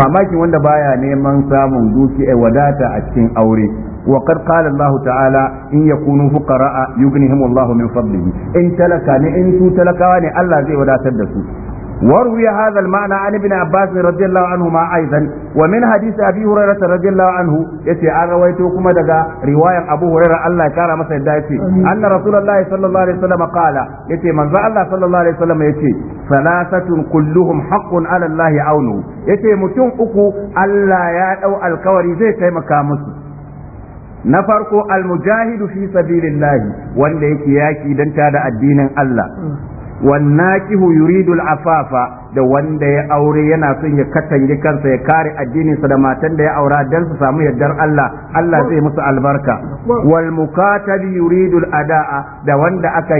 famakin wanda baya neman samun duki eh, wadata a cikin aure wa qad qala Allah ta'ala in yakunu fuqara yughnihim Allah min fadlihi in talaka ne in tu talaka ne Allah zai wadatar da su وروي هذا المعنى عن ابن عباس رضي الله عنهما ايضا ومن حديث ابي هريره رضي الله عنه يتي ان رويته كما دغا روايه ابو هريره الله يكرمه masa yadda yace anna rasulullahi sallallahu alaihi wasallam qala yace manzo Allah sallallahu alaihi wasallam yace salasatun kulluhum haqqun ala Allah aunu yace mutum uku Allah ya dau alkawari zai taimaka musu na farko almujahidu fi sabilillahi wanda yake yaki dan da addinin Allah والناكه يريد العفاف da wanda ya aure yana son ya katange kansa ya kare addinin sa da matan da ya aura dan su samu yardar Allah Allah zai musu albarka wal mukatabi yuridu al adaa da wanda aka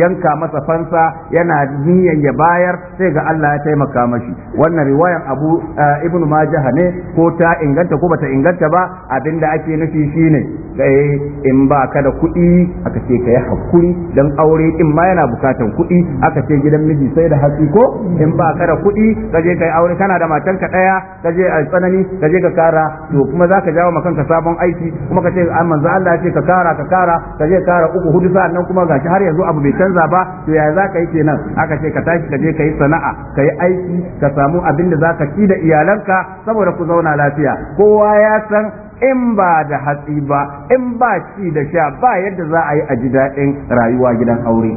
yanka masa fansa yana niyan ya bayar sai ga Allah ya taimaka mashi wannan riwayan Abu eh, Ibn Majah ne ko ta inganta ko bata inganta ba abinda ake nufi shine eh, in ba ka da kuɗi aka ce ka hakuri dan aure in ma yana bukatan kuɗi aka ce gidan miji sai da hatsi ko in ba ka da kuɗi ka je kai aure kana da matanka ɗaya ka je a tsanani ka je ka kara to kuma za ka jawo kanka sabon aiki kuma ka ce an ah, manzo Allah ce ka kara ka kara ka je kara uku hudu sa'an nan kuma gashi har yanzu abu bai canza ba to yaya za ka yi kenan aka ce ka tashi ka je ka yi sana'a ka yi aiki ka samu abin da za ka ci da iyalanka saboda ku zauna lafiya kowa ya san in ba da hatsi ba in ba ci da sha ba yadda za a yi a ji daɗin rayuwa gidan aure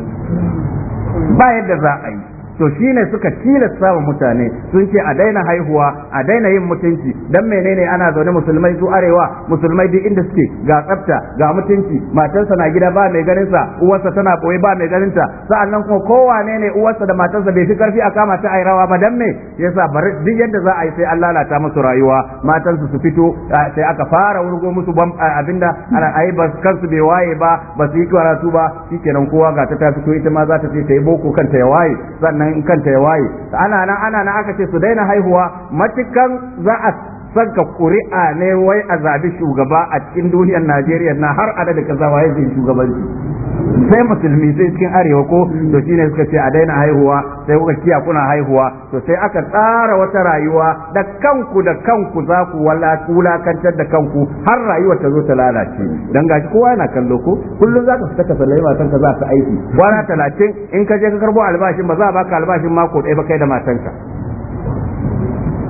ba yadda za a yi to shi ne suka tilasta wa mutane sun ce a daina haihuwa a daina yin mutunci don menene ana zaune musulmai su arewa musulmai duk inda suke ga tsabta ga mutunci matarsa na gida ba mai ganin uwarsa tana boye ba mai ganin ta sa'annan kuma kowane ne uwarsa da matarsa bai fi karfi a kama ta ai rawa ba dan me yasa bari duk yadda za a yi sai an lalata musu rayuwa matansu su fito sai aka fara wurgo musu abinda ana ai ba kansu bai waye ba ba su yi karatu ba shikenan kowa ga ta ta fito ita ma za ta ce ta yi boko kanta ya waye sannan nan in kanta ya waye ana nan ana nan aka ce su daina haihuwa matukan za saka ƙuri'a ne wai a zabi shugaba a cikin duniyar Najeriya na har adada kaza waye zai shugabanci sai musulmi sai cikin arewa ko to ne suka ce a daina haihuwa sai kuka kiya kuna haihuwa to sai aka tsara wata rayuwa da kanku da kanku za ku wulakantar da kanku har rayuwa ta zo ta lalace dan gashi kowa yana kallo ko kullum za ka fita ka sallai matanka za ka aiki kwana talatin in ka je ka karbo albashin ba za a baka albashin mako ɗaya ba kai da matanka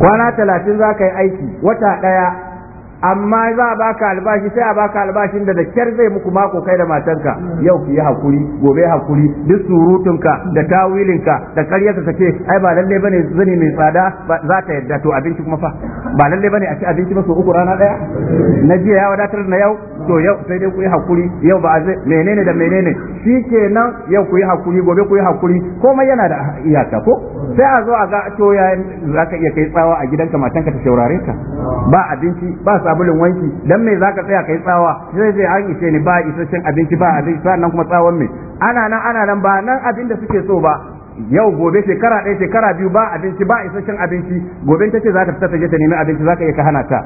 kwana talatin za ka yi aiki wata ɗaya amma za a baka albashi sai a baka albashin da da kyar zai muku mako kai da matanka yau ki yi hakuri gobe hakuri duk surutunka da tawilinka da karyarka ka ce ai ba lalle bane zani mai tsada za ta yadda to abinci kuma fa ba lalle bane a ci abinci ba so uku rana daya na jiya ya wadatar na yau to yau sai dai ku yi hakuri yau ba zai menene da menene shikenan yau ku yi hakuri gobe ku yi hakuri komai yana da iyaka ko sai a zo a ga to ya zaka iya kai tsawa a gidanka matanka ta shaurare ka ba abinci ba sabulun wanki dan me zaka tsaya kai tsawa sai sai an ishe ni ba isasshen abinci ba abinci sannan kuma tsawon me ana nan ana nan ba nan abin da suke so ba yau gobe shekara ɗaya shekara biyu ba abinci ba isasshen abinci gobe ta ce za ta fita ta je ta nemi abinci za ka iya ka hana ta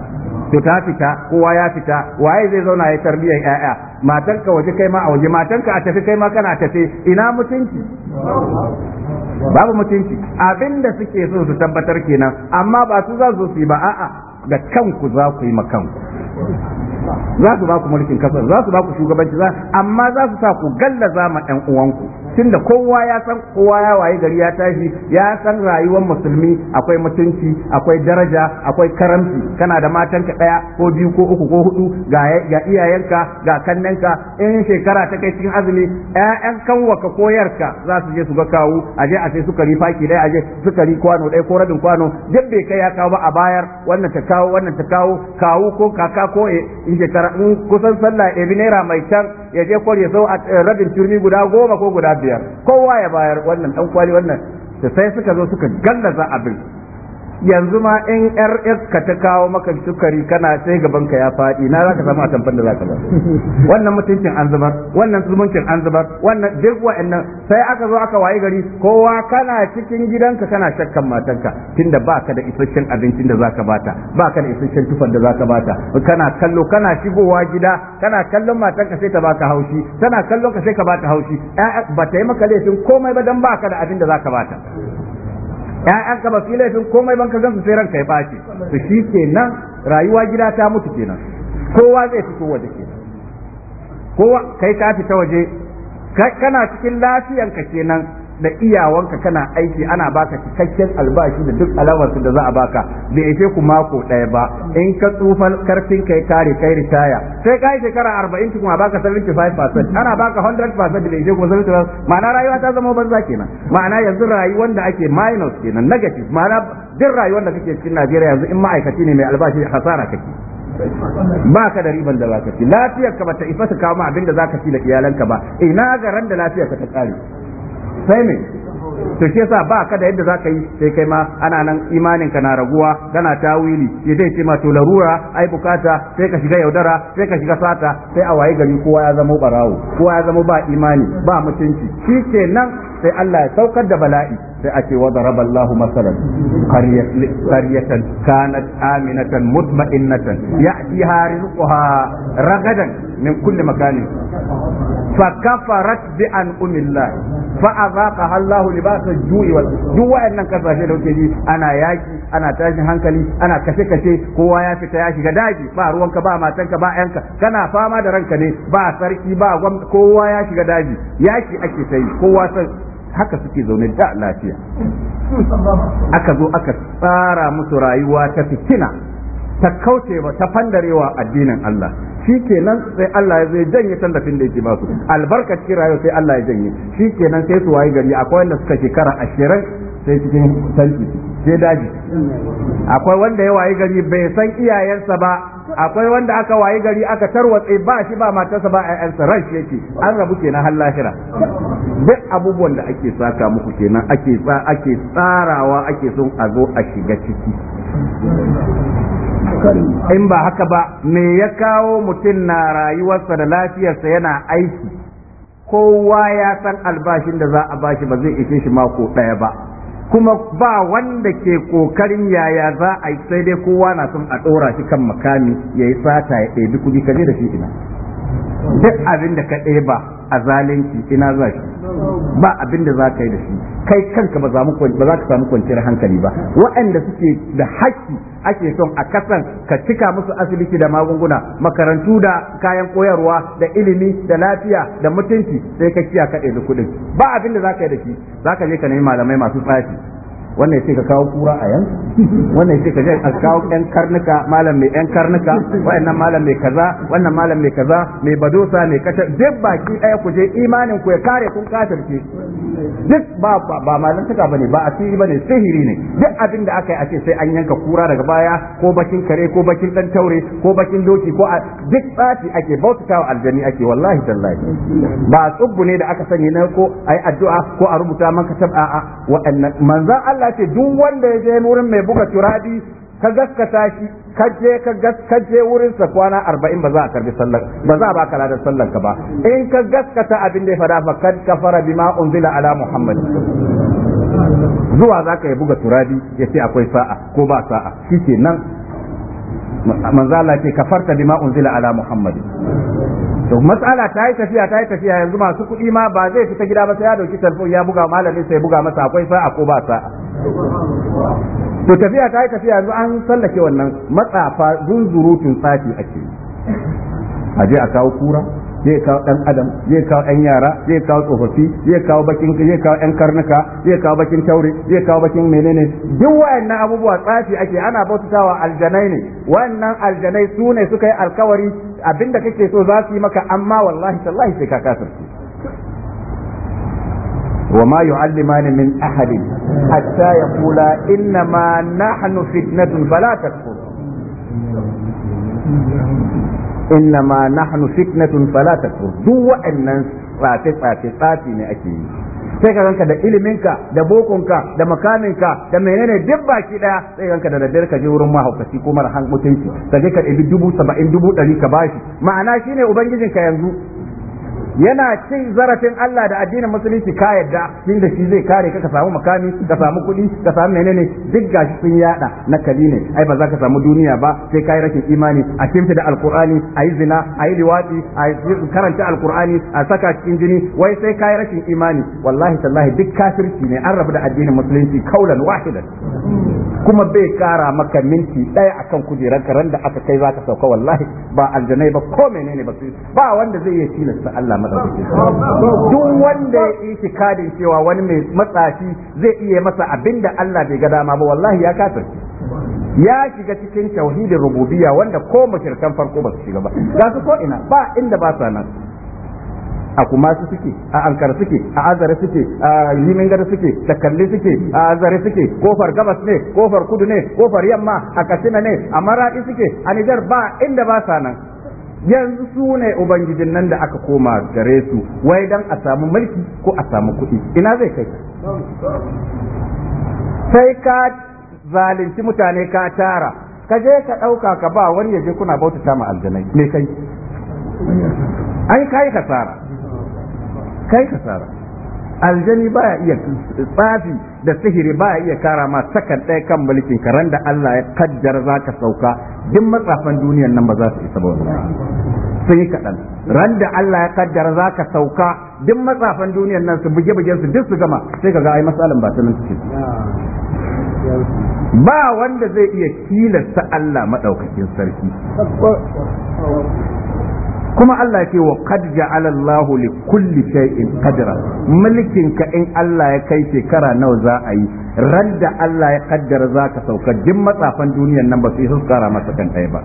To ta fita kowa ya fita waye zai zauna ya tarbiya yaya matanka waje kai ma a waje matanka a tafi kai ma kana tafi ina mutunci babu mutunci abinda suke so su tabbatar kenan amma ba su za su yi ba a'a da kanku za ku yi ma kanku za su ba ku mulkin kasar za su ba ku shugabanci amma za su sa ku gallaza ma ɗan uwanku tun da kowa ya san kowa ya waye gari ya tashi ya san rayuwar musulmi akwai mutunci akwai daraja akwai karamci kana da matanka daya ko biyu ko uku ko hudu ga iyayenka ga kannenka in shekara ta kai cikin azumi ƴaƴan kanwaka ka koyarka za su je su ga kawu aje a sai ri faki dai aje ri kwano dai ko rabin kwano duk bai kai ya kawo ba a bayar wannan ta kawo wannan ta kawo kawu ko kaka ko eh, in shekara in kusan sallah ebi naira mai can ya je kwar ya sau eh, rabin turmi guda goma ko guda biyu. biyar kowa ya bayar wannan dan kwali wannan da sai suka zo suka gallaza abin yanzu ma in rs ka ta kawo maka sukari kana sai gaban ka ya faɗi na zaka samu a tamfan da zaka ba wannan mutuncin an zubar wannan zumuncin an zubar wannan duk wa'annan sai aka zo aka wayi gari kowa kana cikin gidanka kana shakkan matanka tunda baka da isasshen abincin da zaka bata baka da isasshen tufan da zaka bata kana kallo kana shigowa gida kana kallon matanka sai ta baka haushi tana kallon ka sai ka bata haushi ba ta yi maka laifin komai ba dan baka da abin da zaka bata ya'yan ka ba laifin komai ban ka su sai ranka ya ɓaci to shi kenan rayuwa gida ta mutu kenan kowa zai fito waje kenan kowa kai ka fita waje kana cikin lafiyanka kenan da iyawanka kana aiki ana baka cikakken albashi da duk alawarsu da za a baka bai ishe ku mako ɗaya ba in ka tsufan karfin kai kare kai ritaya sai ka yi shekara arba'in kuma baka 75% ana baka 100% bai ishe ku 75% ma'ana rayuwa ta zama banza kenan ma'ana yanzu rayuwar da ake minus kenan negative ma'ana duk rayuwar da kake cikin Najeriya yanzu in ma'aikaci ne mai albashi hasara kake ba ka da riban da ba ka ci lafiyarka ba ta isa ka kawo abin da za ka ci da iyalanka ba ina garan da lafiyarka ta kare sai ne to shi sa ba ka da yadda ka yi sai kai ma ana nan imanin ka na raguwa kana tawili ya zai ce ma to larura ai bukata sai ka shiga yaudara sai ka shiga sata sai a waye gari kowa ya zama barawo kowa ya zama ba imani ba mutunci shi kenan sai Allah ya saukar da bala'i sai a ce wa daraba Allahu masalan qaryatan kanat aminatan mutma'innatan ya'tiha ha ragadan min kulli makanin فكفرت بأنعم الله فأذاقها الله لباس الجوع والجوع duk wa'annan kasashe da kuke ji ana yaki ana tashin hankali ana kashe kashe kowa ya fita ya shiga daji ba ruwanka ba matanka ba yanka kana fama da ranka ne ba sarki ba kowa ya shiga daji yaki ake ta yi haka suke zaune da lafiya aka zo aka tsara musu rayuwa ta fitina ta kauce ba ta fandarewa addinin Allah shi sai Allah ya zai janye tallafin da yake basu su cikin rayuwa sai Allah ya janye shi kenan sai su wayi gari akwai wanda suka shekara ashirin sai cikin tanki sai daji akwai wanda ya wayi gari bai san iyayensa ba akwai wanda aka wayi gari aka tarwatse ba shi ba matarsa ba ƴaƴansa ran shi yake an rabu kenan har lahira duk abubuwan da ake saka muku kenan ake ake tsarawa ake son a zo a shiga ciki in ba haka ba me ya kawo mutum na rayuwarsa da lafiyarsa yana aiki kowa ya san albashin da za a bashi ba zai ishe shi mako ɗaya ba kuma ba wanda ke kokarin yaya za a yi sai dai kowa na son a ɗora shi kan makami ya yi sata ya ɗebi kuɗi kaje da shi ina duk abin da ka ba. a zalunci ina za shi ba abin da za ka yi da shi kai kanka ba za ka samu kwanciyar hankali ba waɗanda suke da haƙƙi ake son a kasan ka cika musu asibiti da magunguna makarantu da kayan koyarwa da ilimi da lafiya da mutunci sai ka kiya kaɗe da kuɗin ba abin da za ka yi da shi za ka je ka nemi malamai masu tsafi wannan sai ka kawo kura a yanzu wannan sai ka je a kawo ɗan karnuka malam mai ɗan karnuka wayannan malam mai kaza wannan malam mai kaza mai badosa mai kasha duk baki ɗaya ku je imanin ku ya kare kun kafirce duk ba ba malam suka bane ba asiri bane sihiri ne duk abin da aka yi a ce sai an yanka kura daga baya ko bakin kare ko bakin dan taure ko bakin doki ko duk tsafi ake bautawa aljani ake wallahi tallahi ba tsubbu ne da aka sani na ko ai addu'a ko a rubuta maka tab'a a waɗannan manzon Allah ta ce duk wanda ya je wurin mai buga turadi ka gaskata shi ka je ka je wurin sa kwana 40 ba za a karbi sallar ba za a baka ladan sallar ka ba in ka gaskata abin da ya fada fa kad kafara bima unzila ala muhammad zuwa za ka yi buga turadi ya ce akwai sa'a ko ba sa'a shi ke nan manzala ce kafarta bima unzila ala muhammad to matsala ta yi tafiya ta yi tafiya yanzu masu kuɗi ma ba zai fita gida ba sai ya dauki telefon ya buga malamin sai buga masa akwai a ko ba sa. to tafiya ta yi tafiya yanzu an sallake wannan matsafa zunzurutun sati ake a je a kawo kura zai kawo ɗan adam zai kawo ɗan yara zai kawo tsofaffi zai kawo bakin zai kawo ɗan karnuka zai kawo bakin taure zai kawo bakin menene duk wayannan abubuwa tsafi ake ana bautawa aljanai ne wannan aljanai su ne suka yi alkawari abinda kake so za su yi maka amma wallahi tallahi sai ka kasance وما يعلمان من أحد حتى يقولا إنما نحن فتنة فلا تكفر إنما نحن فتنة فلا تكفر دو أن راتي راتي راتي أكيد sai ka ranka da iliminka da bokonka da makaminka da menene duk baki daya sai ranka da daddare ka je wurin mahaukaci ko mara mutunci ka je ka ɗebi dubu saba'in dubu ɗari ka bashi ma'ana shine ubangijinka yanzu yana cin zarafin Allah da addinin musulunci ka yadda shin da shi zai kare ka ka samu makami ka samu kuɗi ka samu menene duk gashi sun yada na kali ne ai ba za ka samu duniya ba sai kai rashin imani a kimfi da alqur'ani a yi zina a yi liwati a karanta alqur'ani a saka cikin jini wai sai kai rashin imani wallahi tallahi duk kafirci ne an rabu da addinin musulunci kaulan wahidan kuma bai kara maka minti ɗaya akan kujerar karen da aka kai zaka sauka wallahi ba aljanai ba ko menene ba ba wanda zai iya tilasta Allah madaukake duk wanda ya yi kadin cewa wani mai matsafi zai iya masa abinda Allah bai ga dama ba wallahi ya kafir ya shiga cikin tauhidin rububiyya wanda ko mushrikan farko ba su shiga ba ga su ko ina ba inda ba sa nan a kumasu suke a ankara suke a azare suke a gada suke da kalli suke a azare suke kofar gabas ne kofar kudu ne kofar yamma a katsina ne a maraɗi suke a nijar ba inda ba sa nan yanzu su ne ubangijin nan da aka koma gare su wai dan a samu mulki ko a samu kuɗi ina zai kai sai ka zalunci mutane ka tara ka je ka ɗauka ka ba wani ya je kuna bauta ma aljanai me kai an kayi kasara kai kasara aljani baya iya tsafi da sihiri baya iya kara ma sakan ɗaya kan mulkin karan da Allah ya kaddara za ka sauka duk matsafan duniyan nan ba za su isa ba sun yi kaɗan ran da Allah ya kaddara za ka sauka duk matsafan duniyan nan su buge bugen su duk su gama sai ka ga ai masalan ba ta nan take ba wanda zai iya kilasta Allah madaukakin sarki kuma Allah ce wa qad ja'ala Allahu li kulli shay'in qadra mulkin ka in Allah ya kai shekara nawa za a yi ran da Allah ya kaddara za ka sauka duk matsafan duniyar nan ba su yi kara masa kan ɗaya ba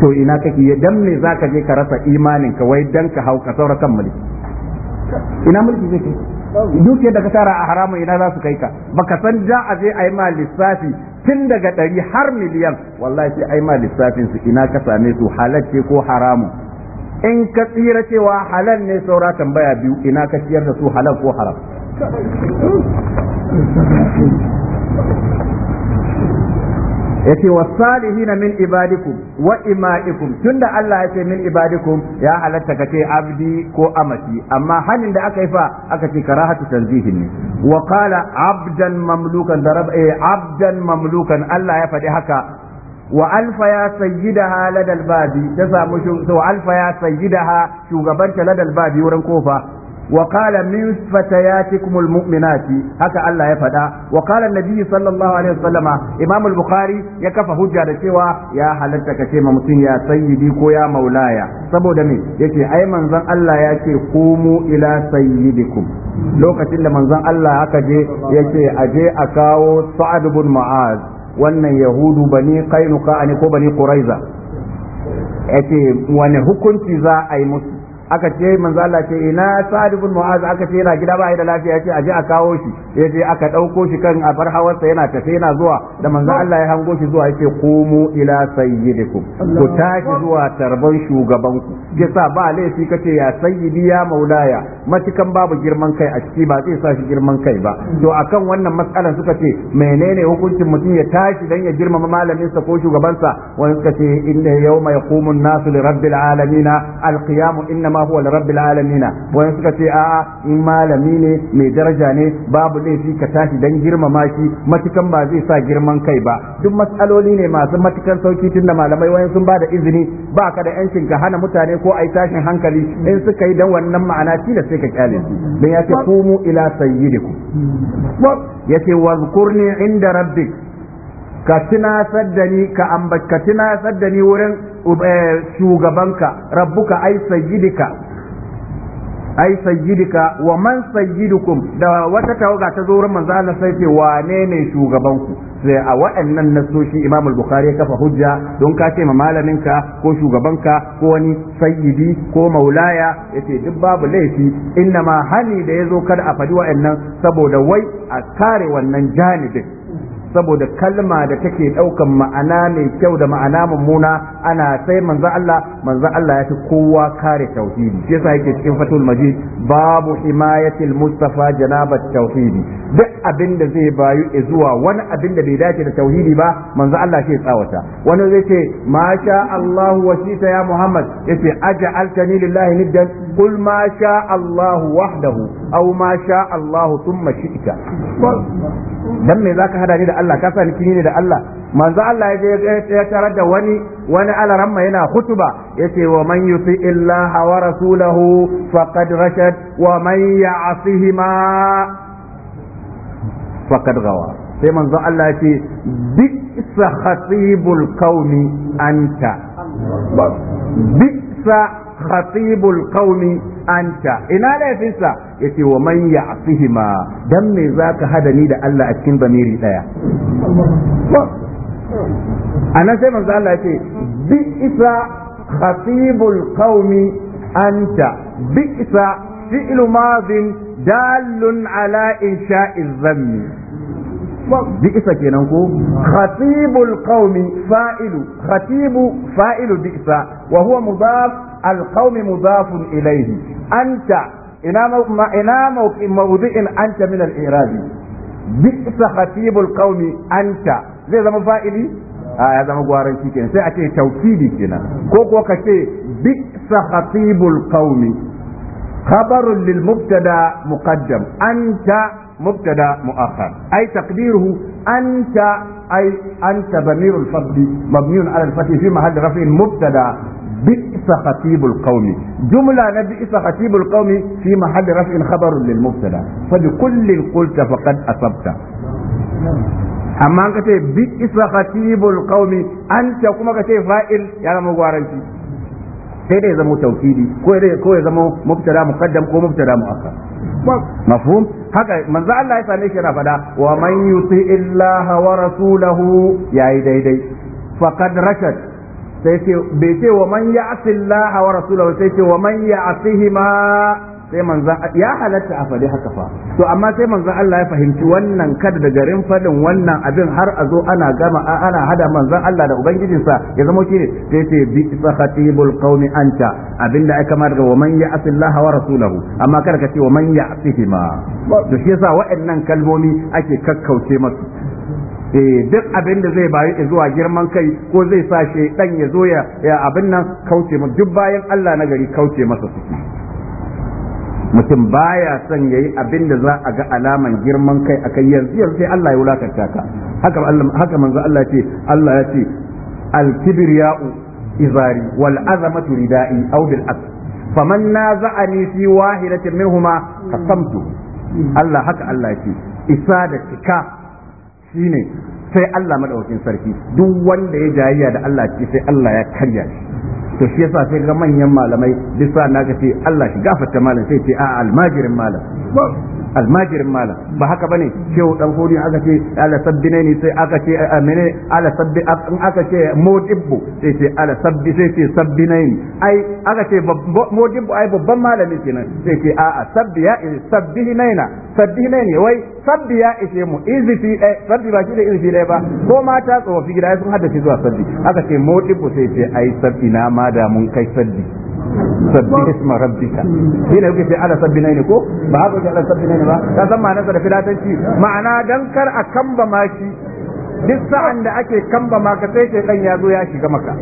to ina kake ya dan me za ka je ka rasa imanin ka wai dan ka hauka saura kan mulki ina mulki zai kai dukiyar da ka tara a haramun ina za su kai ka baka san da a je a yi ma lissafi tun daga ɗari har miliyan wallahi sai a yi ma lissafin su ina ka same su halacce ko haramun in ka tsira cewa halal ne saura tambaya biyu ina ka ciyar da su halal ko haram Ya ce yace salihina min ibadikum wa ima'ikum tunda Allah ya ce min ibadikum ya halatta ce abdi ko amati amma hannun da aka yi fa aka ce karahatu tanzihin ne wa kala abdan mamlukan da eh, abdan mamlukan Allah ya faɗi haka wa alfa ya sayyidaha ladal babi ta samu to alfa ya sayyidaha ladal babi wurin kofa wa qala min fatayatikum almu'minati haka Allah ya faɗa wa qala annabi sallallahu alaihi wasallama imam al-bukhari ya kafa hujja da cewa ya halatta ka ce ma mutum ya sayyidi ko ya maulaya saboda me yace ai manzon Allah ya ce qumu ila sayyidikum lokacin da manzon Allah haka je yace aje a kawo sa'ad ibn mu'az wannan yahudu bani kainuka ne ko bani quraiza yace wani hukunci za a yi musu aka ce manzo Allah ce ina Sa'ad ibn Mu'az aka ce yana gida ba da lafiya ce aje a kawo shi ya je aka dauko shi kan abar hawarsa yana tafe yana zuwa da manzo Allah ya hango shi zuwa yake qumu ila sayyidikum ku tashi zuwa tarban shugaban ku sa ba laifi kace ya sayyidi ya maulaya matukan babu girman kai a ciki ba zai sa shi girman kai ba to akan wannan matsalan suka ce menene hukuncin mutum ya tashi dan ya girmama malamin sa ko shugabansa wani suka ce inna yawma yaqumun nasu li rabbil alamin al inna ma huwa rabbil alamin wani suka ce a in malami ne mai daraja ne babu laifi ka tashi dan girmama shi matukan ba zai sa girman kai ba duk matsaloli ne masu matukan sauki tunda malamai wayan sun bada izini ba ka da yancin ka hana mutane ko ai tashin hankali in suka yi dan wannan ma'ana shi da sai ka kyale su dan yace kumu ila sayyidikum yace wazkurni inda rabbik ka tunasar da ni ka ambaka tunasar da ni wurin eh, shugabanka rabbuka ai sayyidika ai sayyidika wa man sayyidukum da wata tawaga ta zo wurin manzo Allah sai ce wane ne shugabanku sai a wa'annan nasoshi Imam bukhari ya kafa hujja don ka ce ma malaminka ko shugabanka ko wani sayyidi ko maulaya yace duk babu laifi inna ma hani da yazo kada a fadi wa'annan saboda wai a kare wannan janibin saboda kalma da take daukan ma'ana mai kyau da ma'ana mummuna ana sai manzon Allah manzon Allah ya fi kowa kare tauhidi shi yasa yake cikin fatul majid babu himayatil mustafa janabat tauhidi duk abin da zai bayu zuwa wani abin da bai dace da tauhidi ba manzon Allah shi tsawata wani zai ce ma sha Allah wasita ya Muhammad yace aj'altani lillahi niddan qul ma sha Allah wahdahu aw masha sha Allah thumma shi'ta dan me zaka hada ni da Allah ka sani kini ne da Allah manzo Allah ya ya tarar da wani wani alaramma yana hutuba yace wa man yuti illaha wa rasulahu faqad rashad wa man ma? faqad gawa sai manzo Allah ya ce bi khatibul qaumi anta bi khatibul qaumi anta ina laifinsa yace wa man ya'sihima dan me zaka hada ni da Allah a cikin zamiri daya anan sai manzo Allah yace bi isa khatibul qaumi anta bi isa fi'lu madin dalun ala insha'iz zammi bi isa kenan ko khatibul qaumi fa'ilu khatibu fa'ilu bi isa wa alqaumi mudafun ilayhi anta ina ma ina mawdi'in anta min al-i'rabi bi'sa khatibul qaumi anta zai zama fa'ili a ya zama gwaranci kenan sai a ce taukidi kenan ko kuwa ka ce bi'sa khatibul qaumi khabarun lil mubtada muqaddam anta مبتدا مؤخر اي تقديره انت اي انت ضمير الفضل مبني على الفتح في محل رفع مبتدا بئس خطيب القوم جملة بئس خطيب القوم في محل رفع خبر للمبتدا فلكل قلت فقد أصبت أما أنك بئس خطيب القوم أنت كما فائل يا مغوارنتي sai dai zama tawkidi ko ko ya zama mubtada muqaddam ko mubtada muakkar mafhum haka manzo Allah ya same shi yana fada wa man yuti illaha wa rasulahu yayi daidai faqad rashad sai ce bai ce wa man ya'ti Allah wa rasulahu sai ce wa man ya'tihi ma sai manzan ya halatta a fadi haka fa to amma sai manzan Allah ya fahimci wannan kada da garin faɗin wannan abin har a zo ana gama ana hada manzan Allah da ubangijinsa ya zama ne. sai ce bi khatibul qaumi anta abinda aka mar da man ya'si Allah wa rasulahu amma kada ka ce wa man ya'sihi ma to shi yasa waɗannan kalmomi ake kakkauce masu eh duk abin da zai bayi zuwa girman kai ko zai sa shi dan ya zo ya abin nan kauce mu duk bayan Allah na gari kauce masa suke mutum baya son yayi abin da za a ga alaman girman kai akan yanzu yanzu sai Allah ya wulakanta ka haka Allah haka manzo Allah ce Allah ya ce al-kibriya'u izari wal azamatu ridai aw bil aks faman naza'ani fi wahidatin minhuma qasamtu Allah haka Allah ya ce isa da cika ne sai Allah madaukakin sarki duk wanda ya jayayya da Allah ce sai Allah ya karya shi to shi yasa sai ga manyan malamai duk sa na ga sai Allah shi gafarta malam sai ce a almajirin malam almajirin malam ba haka bane shehu dan hori aka ce ala sabbi ne sai aka ce amene ala sabbi in aka ce modibbu sai ce ala sabbi sai ce sabbi ne ai aka ce modibbu ai babban malami kenan sai ce a a sabbi ya sabbi ne na sabbi ne ne wai sabbi ya ishe mu fi dai sabbi ba shi da izi dai ba ko mata tsofaffi gida sun haddace zuwa sabbi aka ce modibbu sai ce ai sabbi na ma da mun kai sabbi sabbi isma rabbika shi ne kuke ala sabbi ne ko ba haka kuke ala sabbi ne ba ta san ma'anar sa da filatanci ma'ana dan kar a kamba maki duk sa'an da ake kamba ma ka sai shekan ya zo ya shiga maka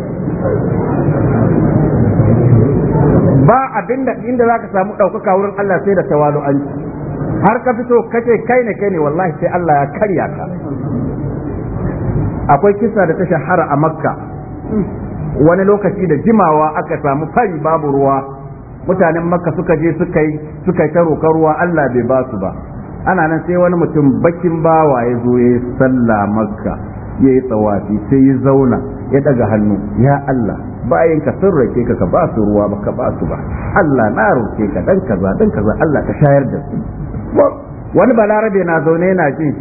ba abinda inda zaka samu ɗaukaka wurin Allah sai da tawalu'anci har ka fito kace kai ne kai ne wallahi sai Allah ya karya ka akwai kisa da ta shahara a makka wani lokaci da jimawa aka samu fari babu ruwa mutanen makka suka je suka yi suka yi ta ruwa Allah bai ba su ba ana nan sai wani mutum bakin bawa ya zo ya yi sallah makka ya yi tsawafi sai ya zauna ya daga hannu ya Allah bayan ka sun rake ka ka ba su ruwa ba ka ba su ba Allah na roke ka dan kaza dan kaza Allah ka shayar da su wani balarabe na zaune yana jin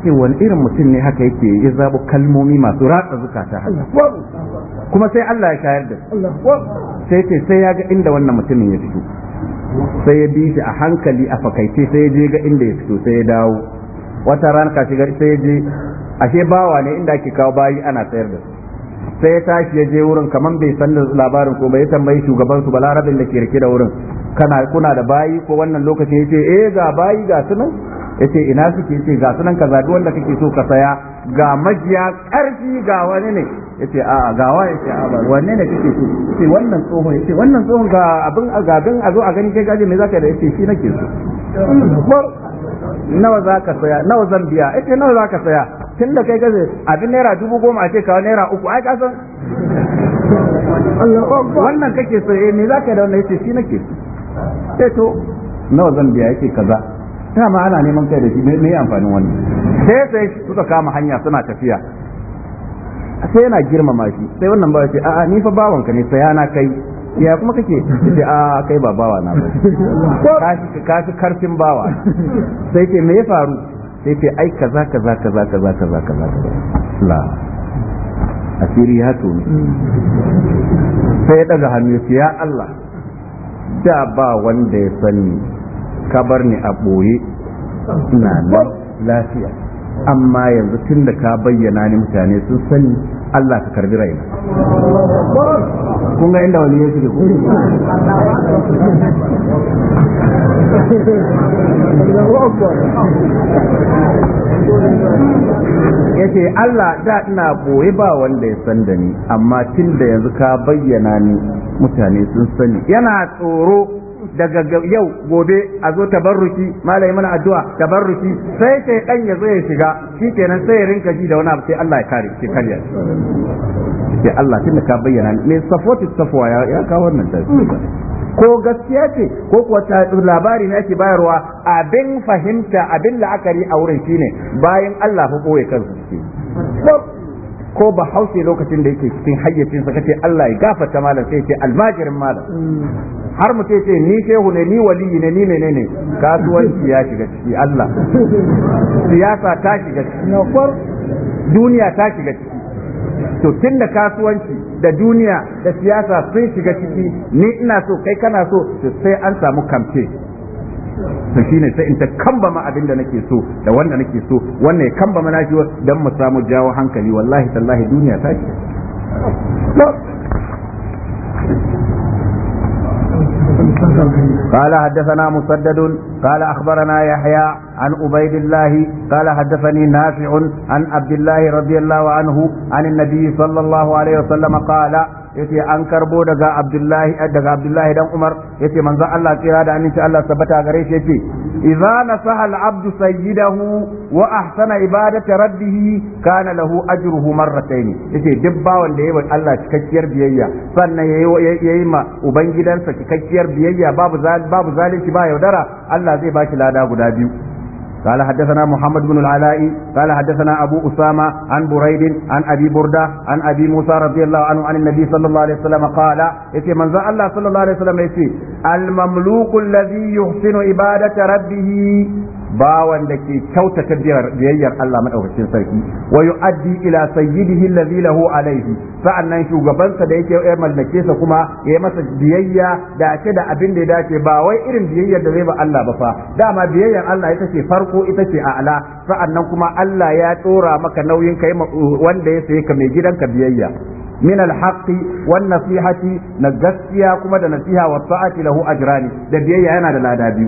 ce wani irin mutum ne haka yake ya zabo kalmomi masu ratsa zukata haka kuma sai Allah ya shayar da sai ce sai ya ga inda wannan mutumin ya fito sai ya bi shi a hankali a fakaice sai ya je ga inda ya fito sai ya dawo wata rana ka shiga, sai ya je ashe bawa ne inda ake kawo bayi ana sayar da sai ya tashi ya je wurin kamar bai san labarin ko bai tambayi shugaban su balarabin da ke rike da wurin kana kuna da bayi ko wannan lokacin ya ce eh ga bayi ga sunan yace ina suke yace ga sunan kaza duk wanda kake so ka saya ga majiya karfi ga wani ne yace a ga wa yace a ba wanne ne kake so yace wannan tsohon yace wannan tsohon ga abin ga abin a zo a gani kai gaje me zaka da yace shi nake so nawa zaka saya nawa zan biya yace nawa zaka saya tun da kai gaje abin naira dubu goma a ce kawo naira uku ai ka san wannan kake so eh me zaka da wannan yace shi nake so sai to nawa zan biya yake kaza ma ana neman kai da shi me amfanin wannan sai sai suka kama hanya suna tafiya sai yana girmama shi sai wannan ba ce a'a ni fa ka ne saya na kai ya kuma kake sai a kai ba bawa na ba ka fi karfin bawa sai ke me ya faru sai ke ai kaza kaza kaza kaza kaza kaza la asiri ya tuni sai ya daga hannu ya ce ya Allah da ba wanda ya sani ka bar ni a ɓoye ina nan lafiya amma yanzu tun da ka bayyana ni mutane sun sani Allah ka karbi raina kun ga inda wani yake ko ya ce Allah da ina boye ba wanda ya san da ni amma tun da yanzu ka bayyana ni mutane sun sani yana tsoro daga yau gobe a zo tabarruki malai mana addu'a tabarruki sai sai dan ya zo ya shiga shikenan sai ya rinka ji da wani abu sai Allah ya kare shi kariya sai Allah tun da ka bayyana me safwatu safwa ya kawo wannan ko gaskiya ce ko kuwa labari ne ake bayarwa abin fahimta abin la'akari a wurin shine bayan Allah ko ya kansu ko ba hausa lokacin da yake cikin hayyacinsa ka ce Allah ya gafarta malam sai ce almajirin malam har mu ce ni shehu ne ni waliyi ne ni menene kasuwanci ya shiga ciki Allah siyasa ta shiga ciki duniya ta shiga ciki to tunda kasuwanci da duniya da siyasa sun shiga ciki ni ina so kai kana so sai an samu kamfe to shine sai in ta kambama abin da nake so da wanda nake so wannan ya kambama nashi dan mu samu jawo hankali wallahi tallahi duniya ta ce قال حدثنا مسدد قال أخبرنا يحيى عن عبيد الله قال حدثني نافع عن عبد الله رضي الله عنه عن النبي صلى الله عليه وسلم قال yace an karbo daga Abdullahi daga Abdullahi dan Umar yace manzon Allah tsira da aminci Allah tabbata gare shi yace idza nasaha al-abdu sayyidahu wa ahsana ibadati rabbih kana lahu ajruhu marratayn yace duk bawan da yayi Allah cikakkiyar biyayya sannan yayi yayi ma ubangidansa cikakkiyar biyayya babu babu zalunci ba yaudara Allah zai ba shi lada guda biyu قال حدثنا محمد بن العلاء قال حدثنا أبو أسامة عن بريد عن أبي بردة عن أبي موسى رضي الله عنه عن النبي صلى الله عليه وسلم قال إتي من الله صلى الله عليه وسلم يتي المملوك الذي يحسن عبادة ربه Ba wanda ke kyautata biyayyar Allah madaukakin sarki wa yu'addi ila sayyidihi allazi lahu alayhi sa'annan shugabansa da yake ya mallake sa kuma ya masa biyayya da ake da abin da ya dace ba wai irin biyayyar da zai ba Allah ba fa dama biyayyar Allah ita ce farko ita ce a'ala sa'annan kuma Allah ya tsora maka nauyin kai wanda ya saye ka mai gidanka biyayya من الحق والنصيحة نجسيا كما نصيحة a له da ده yana da lada biyu.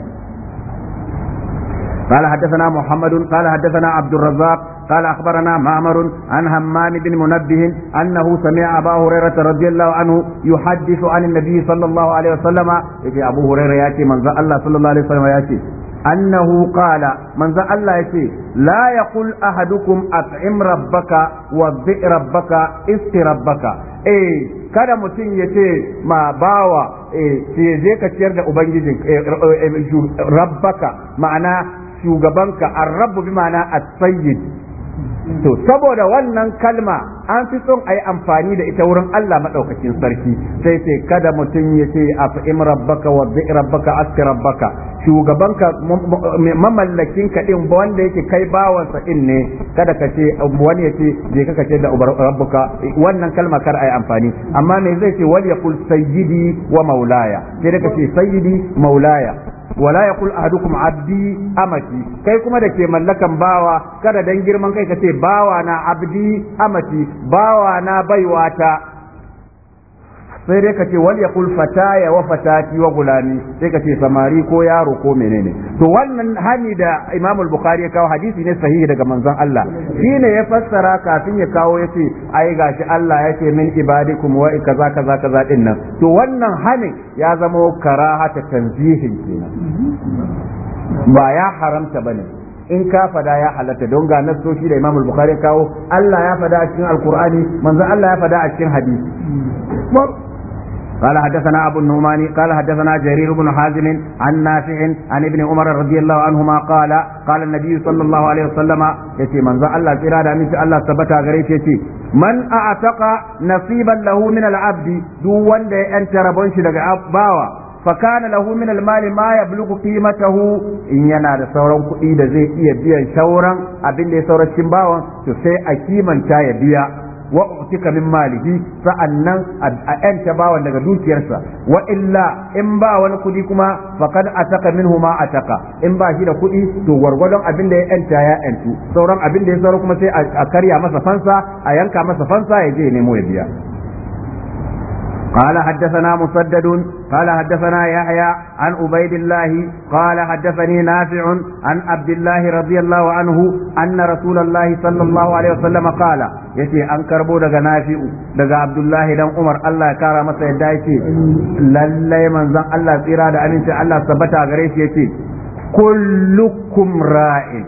قال حدثنا محمد قال حدثنا عبد الرزاق قال أخبرنا معمر عن همام بن منبه أنه سمع أبا هريرة رضي الله عنه يحدث عن النبي صلى الله عليه وسلم يجي أبو هريرة يأتي من الله صلى الله عليه وسلم يأتي أنه قال من ذا الله يتي لا يقول أحدكم أطعم ربك وضئ ربك اسق ربك إيه kada mutum ya ce ma bawa eh je ka ciyar da ubangijin rabbaka ma'ana shugabanka ar-rabbu bi ma'ana as-sayyid to saboda wannan kalma an fi son ayi amfani da ita wurin Allah madaukakin sarki sai sai kada mutum ya ce af'im rabbaka wa dhi rabbaka rabbaka shugabanka mamallakin ka din wanda yake kai bawansa din ne kada ka ce wani ya ce je ka kace da rabbuka wannan kalma kar ayi amfani amma me zai ce wal yaqul sayyidi wa maulaya sai ka ce sayyidi maulaya wala kul ahadukum abdi amati kai kuma da ke mallakan bawa kada dan girman kai ka ce bawa na abdi amati bawa na baiwata sai dai ka ce wal yaqul fataya wa fatati wa gulani sai ka samari ko yaro ko menene to wannan hani da imamu al-Bukhari ya kawo hadisi ne sahihi daga manzon Allah shine ya fassara kafin ya kawo yace ai gashi Allah yace min ibadikum wa kaza kaza kaza din nan to wannan hani ya zama karahata tanzihin kenan ba ya haramta bane in ka fada ya halatta don ga shi da Imam Bukhari kawo Allah ya fada a cikin Alkur'ani manzon Allah ya fada a cikin hadisi قال حدثنا أبو النعمان قال حدثنا جرير بن حازم عن نافع عن ابن عمر رضي الله عنهما قال قال النبي صلى الله عليه وسلم يتي من ذا الله إرادة من الله ثبت غريت يتي من أعتق نصيبا له من العبد دون دي أنت ربونش باوا فكان له من المال ما يبلغ قيمته in yana da sauran kuɗi da zai iya biyan sauran abin da ya sauran cikin bawan to sai a kimanta ya biya wa utika min malihi sa'annan a yanta bawan daga dukiyarsa wa illa in ba wani kudi kuma faqad ataka minhu ma ataka in ba shi da kudi to gwargwadon abin da ya yanta ya yantu sauran abin da ya sauro kuma sai a karya masa fansa a yanka masa fansa ya je nemo ya biya قال حدثنا مسدد قال حدثنا يحيى عن عبيد الله قال حدثني نافع عن عبد الله رضي الله عنه أن رسول الله صلى الله عليه وسلم قال yace an karbo daga nafi'u daga abdullahi dan umar Allah ya kara masa yadda yace lallai manzon Allah tsira da aminci Allah sabbata gare shi yace kullukum ra'in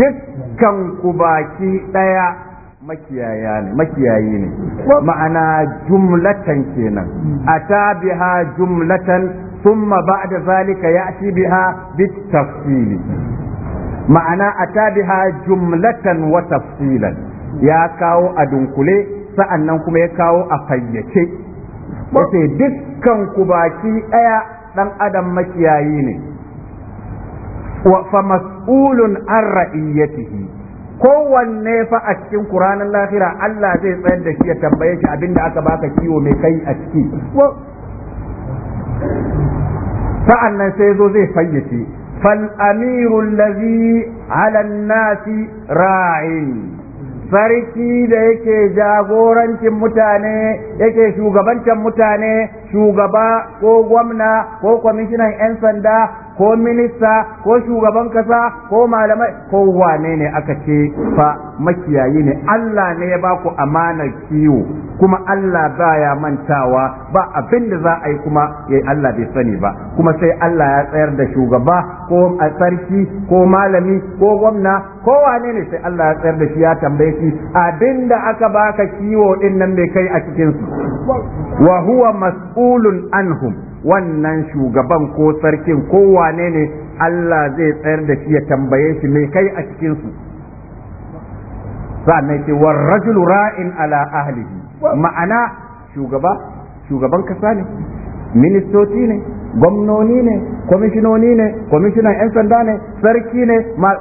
dukkan ku baki ɗaya. makiyaya ne makiyayi ne ma'ana jumlatan kenan a ta biha jumlatan summa ba'da zalika ya ci biha bitafsil ma'ana a ta biha jumlatan wa tafsilan ya kawo a dunkule sa'annan kuma ya kawo a fayyace wace dukkan ku baki ɗaya ɗan adam makiyayi ne wa fa mas'ulun an ra'iyyatihi kowanne fa a cikin Qur'anin lahira Allah zai tsayar da shi ya tambaye shi abinda aka baka kiwo mai kai a ciki sa'an nan sai zo zai fayyace fal amirul ladhi ala nasi ra'in sarki da yake jagorancin mutane yake shugabancin mutane shugaba ko gwamna ko kwamishinan 'yan sanda ko minista ko shugaban kasa ko malamai ko wane ne aka ce fa makiyayi ne Allah ne ya baku amanar kiwo kuma Allah ya mantawa ba abin da za a yi kuma yayi Allah bai sani ba kuma sai Allah ya tsayar da shugaba ko a sarki ko malami ko gwamna ko wane ne sai Allah ya tsayar da shi ya tambaye shi abin da aka baka kiwo din nan bai kai a cikin su wa huwa mas'ulun anhum wannan shugaban ko sarkin ko wane ne Allah zai tsayar da shi ya tambaye shi mai kai a cikin su ce war rajul ra'in ala ahlihi ma'ana shugaba shugaban kasa ne ministoci ne gwamnoni ne kwamishinoni ne kwamishinan 'yan sanda ne sarki ne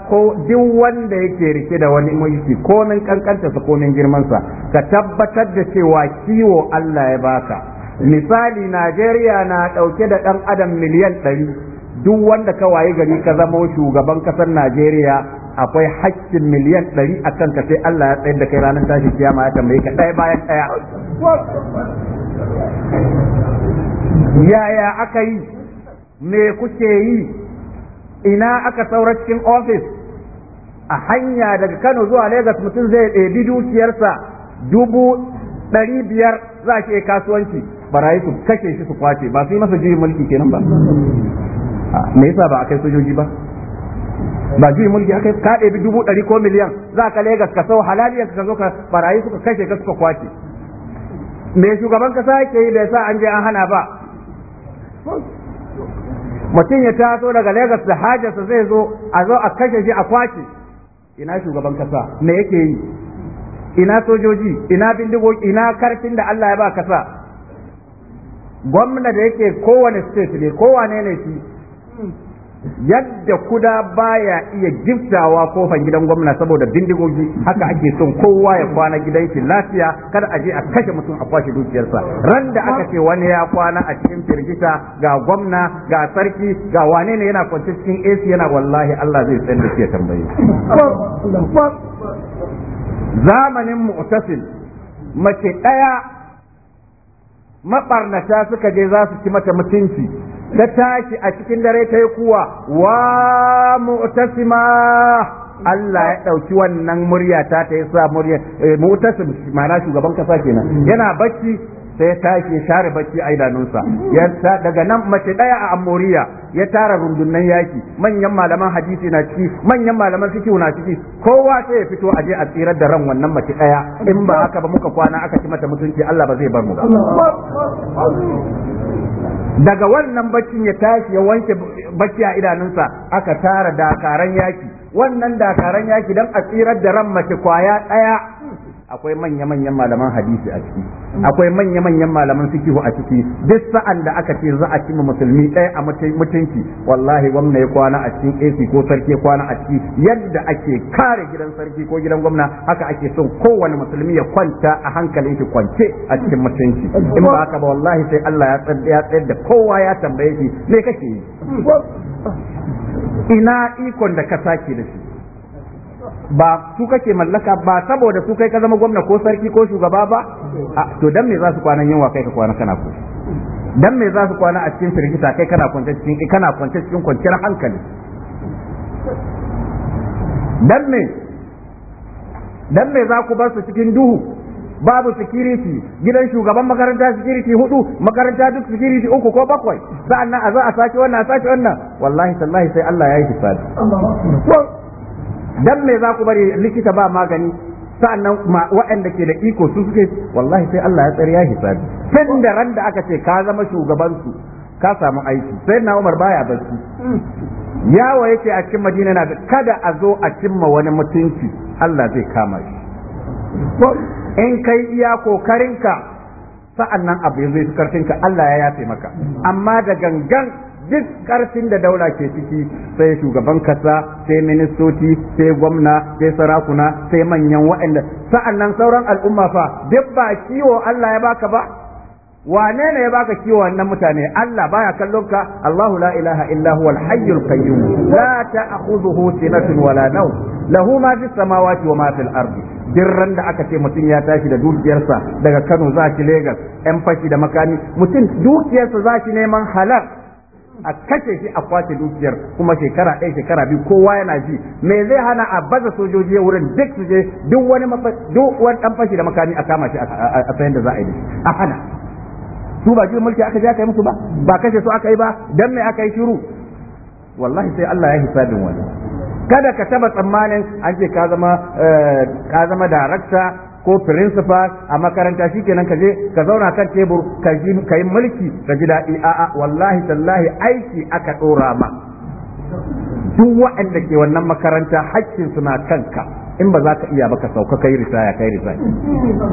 ko duk wanda yake rike da wani mulki komin kankanta sa komin girmansa ka tabbatar da cewa kiwo Allah ya baka misali Najeriya na ɗauke da ɗan adam miliyan ɗari duk wanda ka waye gari ka zama shugaban kasar Najeriya akwai haƙƙin miliyan ɗari a kanka sai Allah ya tsayar da kai ranar tashi kiyama ya tambaye ka ɗaya bayan ɗaya. Yaya aka yi? Me kuke yi? Ina aka saura cikin ofis? A hanya daga Kano zuwa Legas mutum zai ɗebi dukiyarsa dubu ɗari biyar za shi kasuwanci barayi su kashe shi su kwace ba su yi masa juyin mulki kenan ba ah, me yasa ba a kai sojoji ba ba juyin mulki aka ka ɗebi dubu ɗari ko miliyan za ka Legas ka sau halaliyar ka zo ka barayi suka kashe ka suka kwace me shugaban kasa yake yi bai sa an je an hana ba mutum ya taso daga Legas da hajarsa zai zo a zo a kashe shi a kwace ina shugaban kasa me yake yi ina sojoji ina bindigo ina karfin da Allah ya ba kasa gwamna da yake kowane state ne kowane ne shi yadda kuda baya iya giftawa kofan gidan gwamna saboda bindigogi haka ake son kowa ya kwana gidan shi lafiya kada a je a kashe mutum a kwashe dukiyarsa ran da aka ce wani ya kwana a cikin firgita ga gwamna ga sarki ga wane ne yana kwance cikin AC yana wallahi Allah zai tsayar shi ya tambaye zamanin mu'tasil mace daya maɓarnata suka je za su ci mata mutunci ta tashi a cikin dare ta yi kuwa wa mu'tasima Allah ya ɗauki wannan murya ta ta yi sa murya eh, mu'tasim ma'ana shugaban kasa kenan yana bacci sai ya tashi ya share bacci a idanunsa ya daga nan mace daya a amoriya ya tara rundunan yaki manyan malaman hadisi na ciki manyan malaman fiqh na ciki kowa sai ya fito a je a tsirar da ran wannan mace daya in ba haka ba muka kwana aka ci mata mutunci Allah ba zai bar mu ba daga wannan baccin ya tashi ya wanke bacci a idanunsa aka tara dakaran yaki wannan dakaran yaki dan a tsirar da ran mace kwaya daya akwai manya-manyan malaman hadisi a ciki akwai manya-manyan malaman fikihu a ciki duk sa'an da aka ce za a ci musulmi ɗaya a mutunci wallahi gwamna ya kwana a cikin AC ko sarki ya kwana a ciki yadda ake kare gidan sarki ko gidan gwamna haka ake son kowane musulmi ya kwanta a hankalin shi kwance a cikin mutunci in ba haka ba wallahi sai Allah ya tsayar da kowa ya tambaye shi me kake yi ina ikon da ka sake da shi ba su kake mallaka ba saboda su kai ka zama gwamna ko sarki ko shugaba ba to dan me za su kwana yunwa kai ka kwana kana ku dan me za su kwana a cikin firgita kai kana kwance cikin eh, kana kwance cikin kwanciyar hankali dan me dan me za ku bar su cikin duhu babu security gidan shugaban makaranta security hudu makaranta duk security uku ko bakwai sa'annan a za a sake wannan a sake wannan wallahi tallahi sai Allah ya yi hisabi dan me za ku bari likita ba magani sa'annan waɗanda ke da iko su suke wallahi sai Allah ya tsare ya hisabi tun da ran da aka ce ka zama shugaban su ka samu aiki sai na Umar baya barci yawo yake a cikin Madina na kada a zo a cimma wani mutunci Allah zai kama shi in kai iya kokarinka sa'annan abu zai karfinka Allah ya yafe maka amma da gangan duk karfin da daula ke ciki sai shugaban kasa sai ministoci sai gwamna sai sarakuna sai manyan waɗanda nan sauran al'umma fa duk ba kiwo Allah ya baka ba wane ne ya baka kiwo wannan mutane Allah baya kallon ka Allahu la ilaha illa huwa al-hayyul qayyum la ta'khudhuhu sinatun wala nawm lahu ma fis samawati wa ma fil ardi dirran da aka ce mutum ya tashi da dukiyarsa daga Kano za shi Lagos yan fashi da makami mutum dukiyarsa za shi neman halar. a kace shi a kwace dukiyar kuma shekara ɗaya shekara biyu kowa yana ji me zai hana a baza sojoji wurin duk su je duk wani duk wani dan fashi da makami a kama shi a sayan da za a yi a hana su ba jin mulki aka je aka yi musu ba ba kashe su aka yi ba dan me aka yi shiru wallahi sai Allah ya hisabin wani kada ka taba tsammanin an ce ka zama eh, ka zama darakta ko principal a makaranta shikenan ka je ka zauna kan tebur ka ji yi mulki ka ji daɗi a'a wallahi tallahi aiki aka ɗora ma duk waɗanda ke wannan makaranta hakkin suna kanka in ba za ka iya ba ka sauka kai risaya kai risaya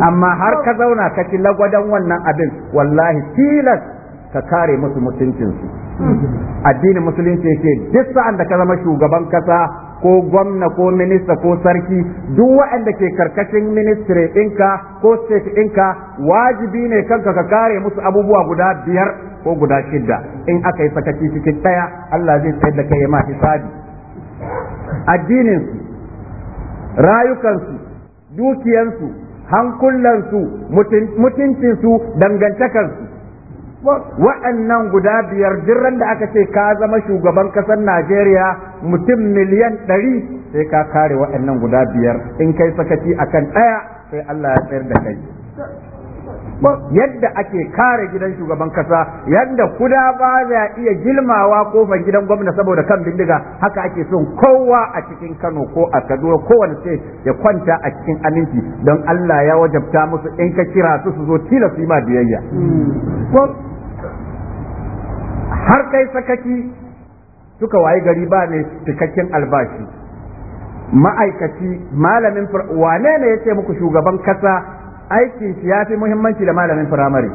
amma har ka zauna ka ci lagwadan wannan abin wallahi tilas ka kare musu mutuncinsu addinin musulunci yake duk sa'an da ka zama shugaban kasa ko gwamna ko minista ko sarki duk waɗanda ke karkashin ministry inka ko state ɗinka wajibi ne kanka ka kare musu abubuwa guda biyar ko guda shidda in aka yi sakaci cikin ɗaya Allah zai tsayar da kai ma hisabi addininsu rayukansu dukiyansu hankulansu mutuncinsu dangantakarsu wa'annan guda biyar jirran da aka ce ka zama shugaban kasar Najeriya mutum miliyan ɗari sai ka kare wa'annan guda biyar in kai sakaci akan ɗaya sai Allah ya tsayar da kai yadda ake kare gidan shugaban kasa yadda kuda ba za iya gilmawa kofar gidan gwamna saboda kan bindiga haka ake son kowa a cikin Kano ko a Kaduna kowane sai ya kwanta a cikin aminci don Allah ya wajabta musu in ka kira su su zo tilas su yi ma biyayya hmm. har kai sakaki suka wayi gari ba ne cikakken albashi ma'aikaci malamin wane ne ya ce muku shugaban kasa aikin shi ya fi muhimmanci da malamin firamare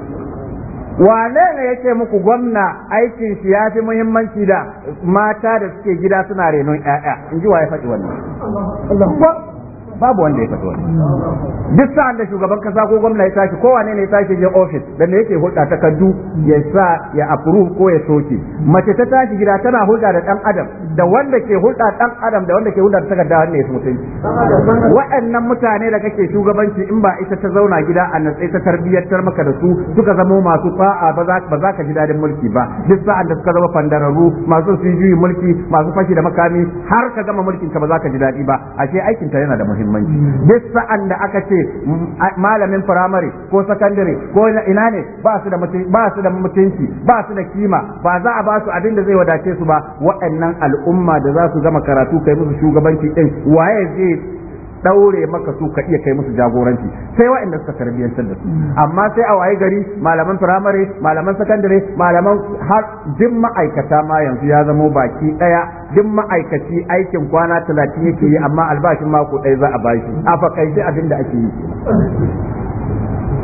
wane ne yake muku gwamna aikin shi ya fi muhimmanci da mata da suke gida suna renon 'ya'ya in ji wa ya faɗi wannan babu wanda ya fito duk sa'an da shugaban kasa ko gwamna ya tashi ko wane ne ya tashi je office da ne yake hulɗa takardu ya sa ya approve ko ya soke mace ta tashi gida tana hulɗa da dan adam da wanda ke hulɗa dan adam da wanda ke hulɗa da takarda ne ya mutunci waɗannan mutane da kake shugabanci in ba ita ta zauna gida a sai ta tarbiyyantar maka da su suka zama masu fa'a ba za ka ji dadin mulki ba duk sa'an da suka zama fandararru masu su juyin mulki masu fashi da makami har ka gama mulkin ka ba za ka ji dadi ba ashe aikin ta yana da muhimmanci muhimmanci duk sa'an da aka ce malamin firamare ko sakandare ko ina ne ba su da ba su da mutunci ba su da kima ba za a ba su abin da zai wadace su ba waɗannan al'umma da za su gama karatu kai musu shugabanci din waye zai daure maka su ka iya kai musu jagoranci sai waɗanda suka tarbiyyantar da su amma sai a waye gari malaman firamare malaman sakandare malaman har duk ma'aikata ma yanzu ya zama baki daya duk ma'aikaci aikin kwana talatin yake yi amma albashin mako ɗaya za a bashi a fakaice abin da ake yi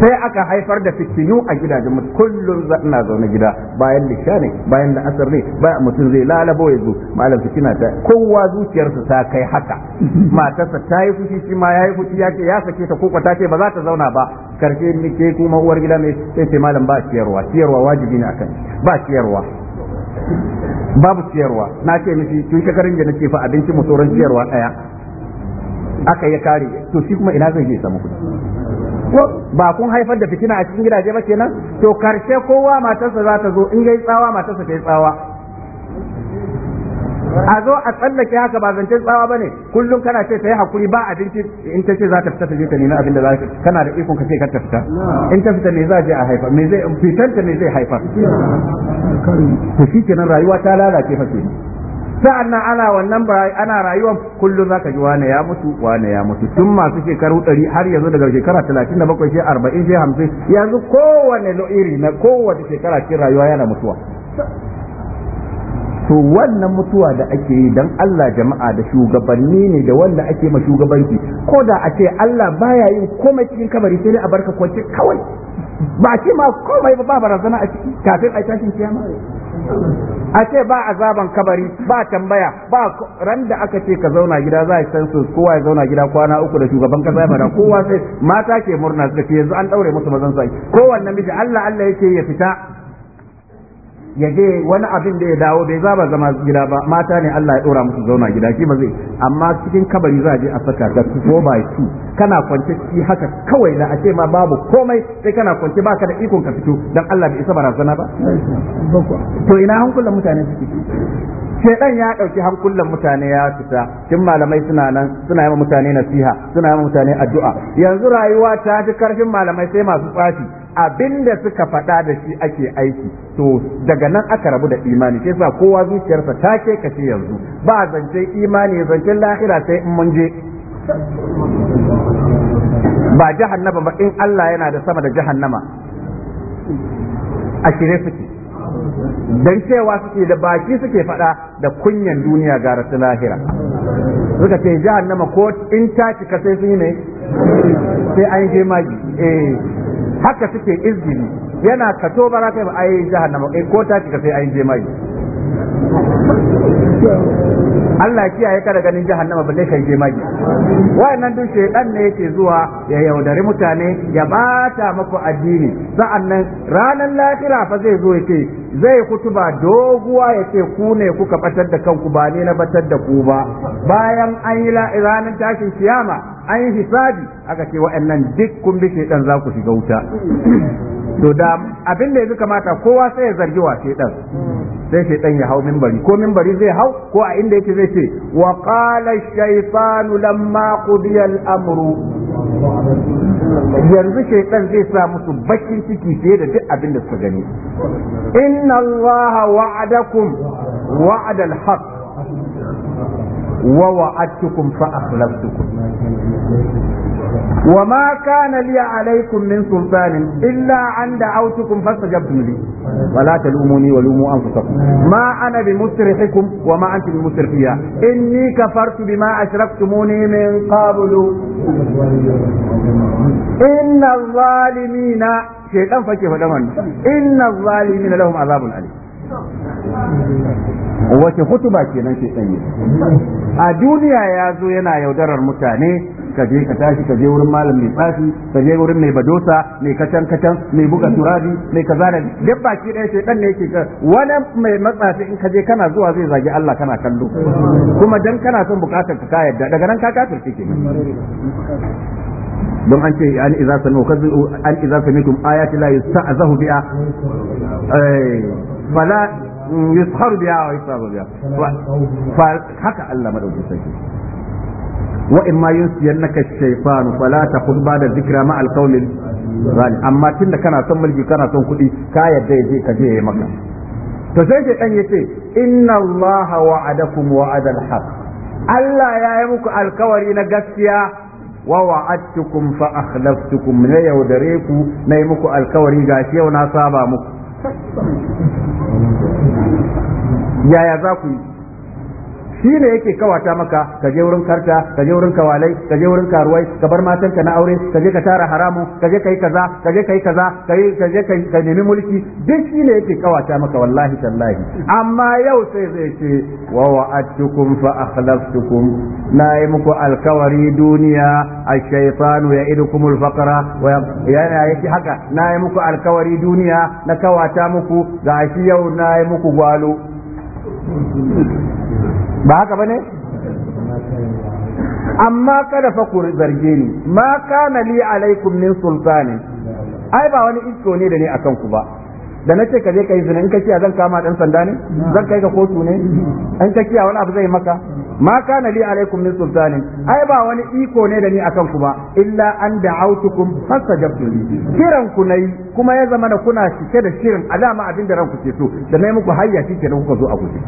sai aka haifar da fitinu a gidajen mutum kullum na zaune gida bayan lisha ne bayan da asar ne bayan mutum zai lalabo ya zo malam fitina ta kowa zuciyarsa ta kai haka matarsa ta yi fushi shi ma ya yi fushi ya ce ya sake ta kuka ta ce ba za ta zauna ba karshe ni ke kuma uwar gida ne sai ce malam ba ciyarwa ciyarwa wajibi ne akan ba ciyarwa babu ciyarwa na ce mishi tun shekarun da nake fa abinci mu sauran ciyarwa daya aka ya kare to shi kuma ina zai je samu kuɗi ba kun haifar da fitina a cikin gidaje ba kenan to karshe kowa matarsa za ta zo in yayi tsawa matarsa ta yi tsawa a zo a tsallake haka ba zance tsawa bane kullum kana ce ta yi hakuri ba abinci in ta ce za ta fita ta je ta nemi abin da za ka kana da ikon ka ce kar ta fita in ta fita me za je a haifa me zai fitanta me zai haifa to shikenan rayuwa ta lalace fa kenan sa'an nan ana wannan ba ana rayuwar kullum zaka ji wane ya mutu wane ya mutu tun masu shekaru ɗari har yanzu daga shekara talatin da bakwai shekara arba'in shekara hamsin yanzu kowane lo'iri na kowace shekara cikin rayuwa yana mutuwa to wannan mutuwa da ake yi don Allah jama'a da shugabanni ne da wanda ake ma shugabanci ko da a ce Allah baya yin komai cikin kabari sai dai a barka kwance kawai ba ce ma komai ba ba barazana a ciki kafin a tashin kiyama a ce ba azaban kabari ba tambaya ba ran da aka ce ka zauna gida za a san su kowa ya zauna gida kwana uku da shugaban kasa fara kowa sai mata ke murna suka ce yanzu an daure musu mazan sai kowanne miji Allah Allah yake ya fita ya je wani abin da ya dawo bai zaba zama gida ba mata ne Allah ya dora musu zauna gida shi ba zai amma cikin kabari za a je a saka ka ko ba shi kana kwance shi haka kawai na a ce ma babu komai sai kana kwance baka da ikon ka fito dan Allah bai isa barazana ba to ina hankulan mutane suke shedan ya ɗauki hankulan mutane ya fita kin malamai suna nan suna yi mutane nasiha suna yi mutane addu'a yanzu rayuwa ta fi karfin malamai sai masu tsafi abinda suka faɗa da shi ake aiki to daga nan aka rabu da imani sai sa kowa zuciyarsa ta ke kace yanzu ba zance imani zancen lahira sai in mun je ba jahannama ba in Allah yana da sama da jahannama a shirye suke dan cewa suke da baki suke faɗa da kunyan duniya ga rasu lahira suka ce jahannama ko in ta cika sai sun yi ne sai an je magi eh haka suke izini yana kato ba za ka yi ba ai jahannama ko ta cika sai ai je mai Allah kiyaye ka da ganin jahannama balle kai je magi wayannan duk shedan ne yake zuwa ya yaudari mutane ya bata maku addini sa'annan ranar lahira fa zai zo yake zai kutuba doguwa yace ku ne kuka batar da kanku ba ne na batar da ku ba bayan an yi ranar tashin kiyama an yi hisabi aka ce nan duk kun bi shedan za ku shiga wuta to da abin da yanzu kamata kowa sai ya zargi wa shedan sai ɗan ya hau minbari ko minbari zai hau ko a inda yake zai ce wa qala shaytanu lamma qudiya al-amru yanzu shaytan zai sa musu bakin ciki fiye da duk abin da suka gani inna allaha wa'adakum wa'ada al-haq wa wa'adtukum fa akhlaftukum wa ma kana li alaikum min sultanin illa an da'awtukum fastajabtum li Wala la talumuni wa lumu anfusakum ma ana bi musrihikum wa ma antum musrihiya inni kafartu bima ashraktumuni min qablu inna adh-dhalimina shaytan fake faɗa wannan inna adh-dhalimina lahum azabun alim wace hutuba kenan shaytan yi a duniya ya zo yana yaudarar mutane ka je ka tashi ka je wurin malam mai tsafi ka je wurin mai badosa mai kacan kacan mai buga mm. turabi mai kaza da duk baki ɗaya dan ne yake wani mai matsafi in ka je kana zuwa zai zagi Allah kana kallo kuma dan kana son bukatar ka yadda daga nan ka kafirce ke. don an ce an idza sami'u an idza sanikum ayati la yusta'zahu biha eh, fala yusharu biha wa yusabu biha haka Allah madaukakin wa'in ma yunsiyannaka shaytanu fala ba da dhikra ma al-qawl amma tinda kana son mulki kana son kuɗi ka yadda yaje ka je maka to sai shaytan yace inna allaha wa'adakum wa'ada al Allah ya yi muku alkawari na gaskiya wa wa'adtukum fa akhlaftukum na yaudare ku na yi muku alkawari gashi na saba muku yaya za ku yi shi ne yake kawata maka ka je wurin karta ka je wurin kawalai ka je wurin karuwai ka bar matan ka na aure ka je ka tara haramu, ka je kai kaza ka je kai kaza ka je ka je ka nemi mulki duk shi ne yake kawata maka wallahi tallahi amma yau sai zai ce wa wa'adtukum fa akhlaftukum na yi muku alkawari duniya ash-shaytanu ya'idukum al-faqra wa yana yake haka na yi muku alkawari duniya na kawata muku shi yau na yi muku gwalo ba haka bane amma kada fa ku zarge ni ma kana li alaikum min sultani ai ba wani ito ne da ne akan ku ba da na ce ka je ka yi zina in ka kiya zan kama dan sanda ne zan kai ka kotu ne in ka kiya wani abu zai maka ma kana li alaikum min sultani, ai ba wani iko ne da ni akan ku ba illa an da'autukum fastajabtu li kiran ku nayi kuma ya zama na kuna cike da shirin alama abin da ranku ke so da nayi muku hayya kike da kuka zo a guje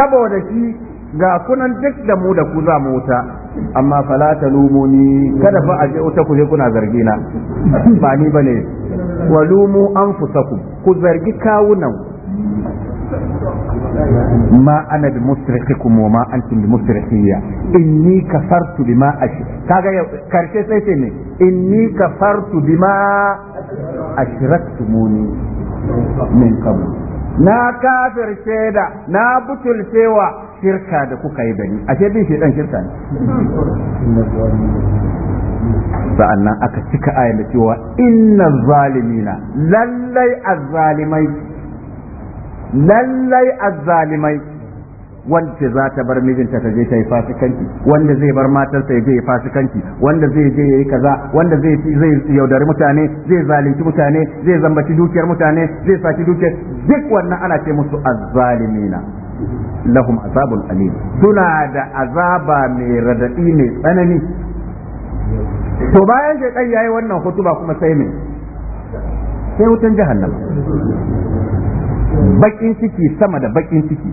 saboda shi ga kunan duk da mu da ku za mu wuta amma fala ta lumuni kada fa a je wuta ku je kuna zargina ba ni bane walumu anfusakum ku zargi kawunan ma ana bi musrikhikum wa ma antum bi musrikhiyya inni kafartu bima ashi kaga karshe sai sai ne inni kafartu bima ashraktumuni min qabl na kafir shaida na butulcewa shirka da kuka yi da ni ashe bin shedan shirka ne sa'annan aka cika ayan da cewa inna zalimina lallai azzalimai lallai azzalimai wanda za ta bar mijinta ta je ta yi fasikanci wanda zai bar matarsa ya je ya fasikanci wanda zai je ya yi kaza wanda zai zai yaudari mutane zai zalunci mutane zai zambaci dukiyar mutane zai saki dukiyar duk wannan ana ce musu azzalimina lahum azabul alim suna da azaba mai radadi mai tsanani to bayan shaitan yi wannan hutuba kuma sai me sai wutan jahannama bakin ciki sama da bakin ciki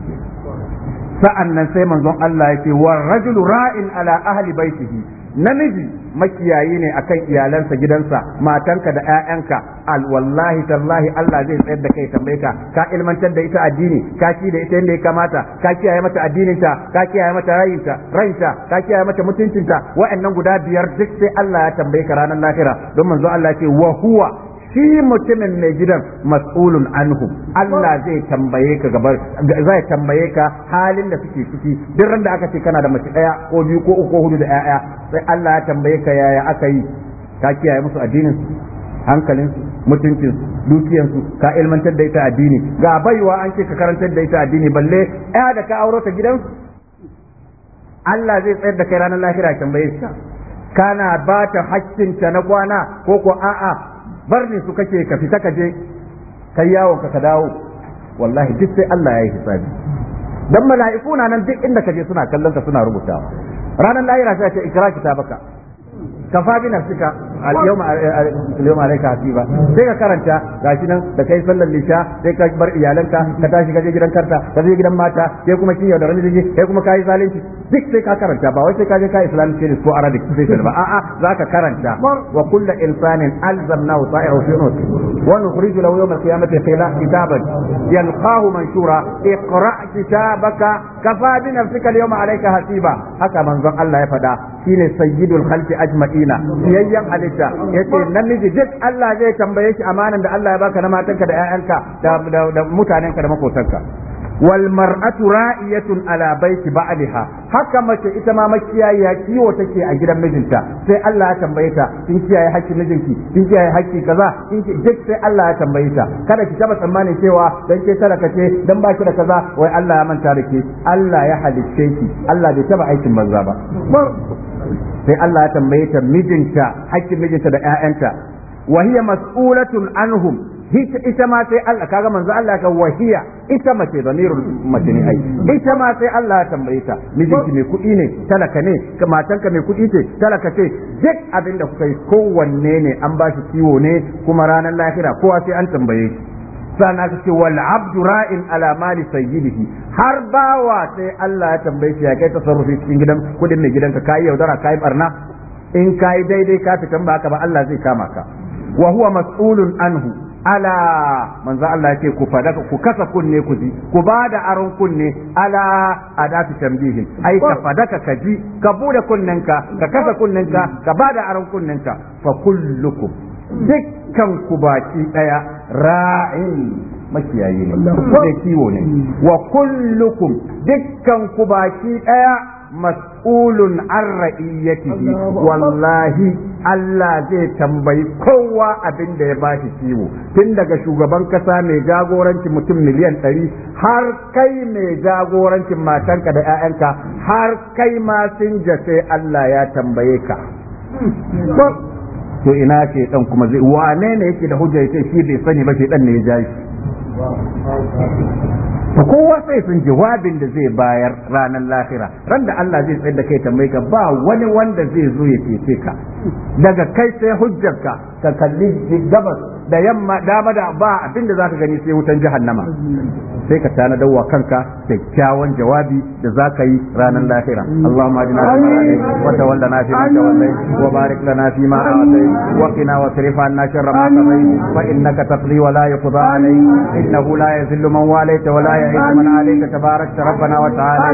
sa'an nan sai manzon Allah ya ce wa rajulu ra'in ala ahli baitihi namiji makiyayi ne akan iyalansa gidansa matanka da 'ya'yanka al wallahi tallahi Allah zai tsayar da kai tambaye ka ka ilmantar da ita addini ka ci da ita yadda ya kamata ka kiyaye mata addininta ka kiyaye mata rayinta rayinta ka kiyaye mata mutuncinta wa'annan guda biyar duk sai Allah ya tambaye ka ranar lahira don manzo Allah ce wa huwa shi mutumin mai gidan mas'ulun anhu Allah zai tambaye ka gabar zai tambaye ka halin da suke ciki duk da aka ce kana da mace daya ko biyu ko uku ko hudu da yaya sai Allah ya tambaye ka yaya aka yi ka kiyaye musu addinin hankalin mutuncin su ka ilmantar da ita addini ga baiwa an ce ka karantar da ita addini balle ya da ka aure ta gidan? Allah zai tsayar da kai ranar lahira tambaye ka kana ba ta hakkinta na kwana ko ko a'a barni su kake ka fita ka je kai yawon ka ka dawo wallahi duk sai Allah ya yi hisabi dan mala'iku na nan duk inda ka je suna kallon ka suna rubutawa ranar lahira ta ka ikra kitabaka kafa bi nafsika al-yawma al-yawma alayka hasiba sai ka karanta gashi nan da kai sallar lisha sai ka bar iyalanka ka tashi ka je gidan karta ka je gidan mata sai kuma kin yaudar miji sai kuma kai zalunci duk sai ka karanta ba wai sai ka je ka islamic studies ko arabic sai ba a'a zaka karanta wa kullu insanin alzamnahu ta'ihu fi unus wa nukhriju lahu yawm al-qiyamati qila kitaban yalqahu manshura iqra kitabaka kafa bi nafsika al-yawma alayka hasiba haka manzon Allah ya fada shine sayyidul khalqi ajma'i madina siyayyen halitta yace namiji duk Allah zai tambaye shi amanan da Allah ya baka na matanka da 'ya'yanka da mutanenka da makotanka wal mar'atu ra'iyatun ala baiti ba'liha haka mace ita ma makiyayi kiwo take a gidan mijinta sai Allah ya tambaye ta kin kiyaye hakkin mijinki kin kiyaye hakki kaza kin duk sai Allah ya tambaye ta kada ki taba tsammanin cewa dan ke talaka kace dan baki da kaza wai Allah ya manta da ke Allah ya halicce ki Allah bai taba aikin manza ba sai Allah ya tambaye ta mijinta hakkin mijinta da ƴaƴanta wa hiya mas'ulatun anhum ita ma sai Allah kaga manzo Allah ka wahiya ita mace zamirul mace ne ai ita ma sai Allah ya tambaye ta mijinki mai kuɗi ne talaka ne ka mai kuɗi ce talaka ce duk abin da kuka yi kowanne ne an ba shi ciwo ne kuma ranar lahira kowa sai an tambaye shi sana ka ce wal abdu ra'in ala mali sayyidihi har bawa sai Allah ya tambaye shi ya kai tasarrufi cikin gidan kuɗi mai gidanka kai yaudara kai barna in kai daidai ka fitan ba haka ba Allah zai kama ka wa huwa mas'ulun anhu ala manzo Allah yake ku fada ku kasa kunne ku ji ku ba da aron kunne ala adatu tambihin ai ka fadaka ka ji ka bude kunnenka ka kasa kunnenka ka ba da aron kunnenka fa kullukum dukkan ku baki daya ra'in makiyayi ne da kiwo ne wa kullukum dukkan ku baki daya mas'ulun an ra'iyyatihi wallahi Allah zai tambayi kowa abin da ya ba shi kiwo tun daga shugaban kasa mai jagoranci mutum miliyan ɗari har kai mai jagorancin matanka da 'ya'yanka har kai ma sun sai Allah ya tambaye ka to ina ce dan kuma zai wane ne yake da hujja ce shi bai sani ba shi dan ne ya jashi to kowa sai sun jawabin da zai bayar ranar lahira ran da Allah zai tsaye da kai ta ka ba wani wanda zai zo ya cece ka daga kai sai hujjarka ka kalli gabas da yamma dama da ba abin da zaka gani sai wutan jahannama sai ka tana dawwa kanka kyakkyawan jawabi da zaka yi ranar lahira Allahumma ajina wa tawalla na fi ma wa barik lana fi ma a'tai wa qina wa sarif anna sharra ma qadayt fa innaka taqdi wa la yuqda alayk innahu la yazillu man walayta wa la yaizu man alayka tabarak rabbana wa ta'ala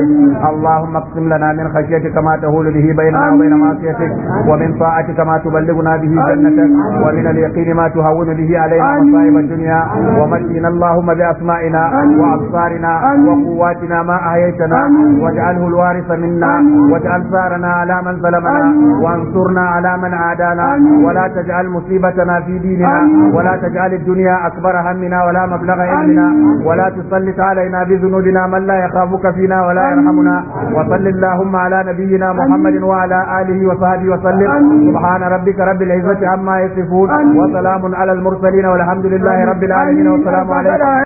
Allahumma aqsim lana min khashyatika ma tahulu bihi bainana wa bain ma'siyatik wa min ta'atika ma tuballighuna bihi jannatak ومن اليقين ما تهون به علينا مصائب الدنيا ومتنا اللهم بأسمائنا وأبصارنا وقواتنا ما أحييتنا واجعله الوارث منا واجعل ثارنا على من ظلمنا وانصرنا على من عادانا ولا تجعل مصيبتنا في ديننا ولا تجعل الدنيا أكبر همنا ولا مبلغ علمنا ولا تسلط علينا بذنوبنا من لا يخافك فينا ولا يرحمنا وصل اللهم على نبينا محمد وعلى آله وصحبه وسلم سبحان ربك رب العزة عما يصفون يصفون وسلام على المرسلين والحمد لله رب العالمين والسلام عليكم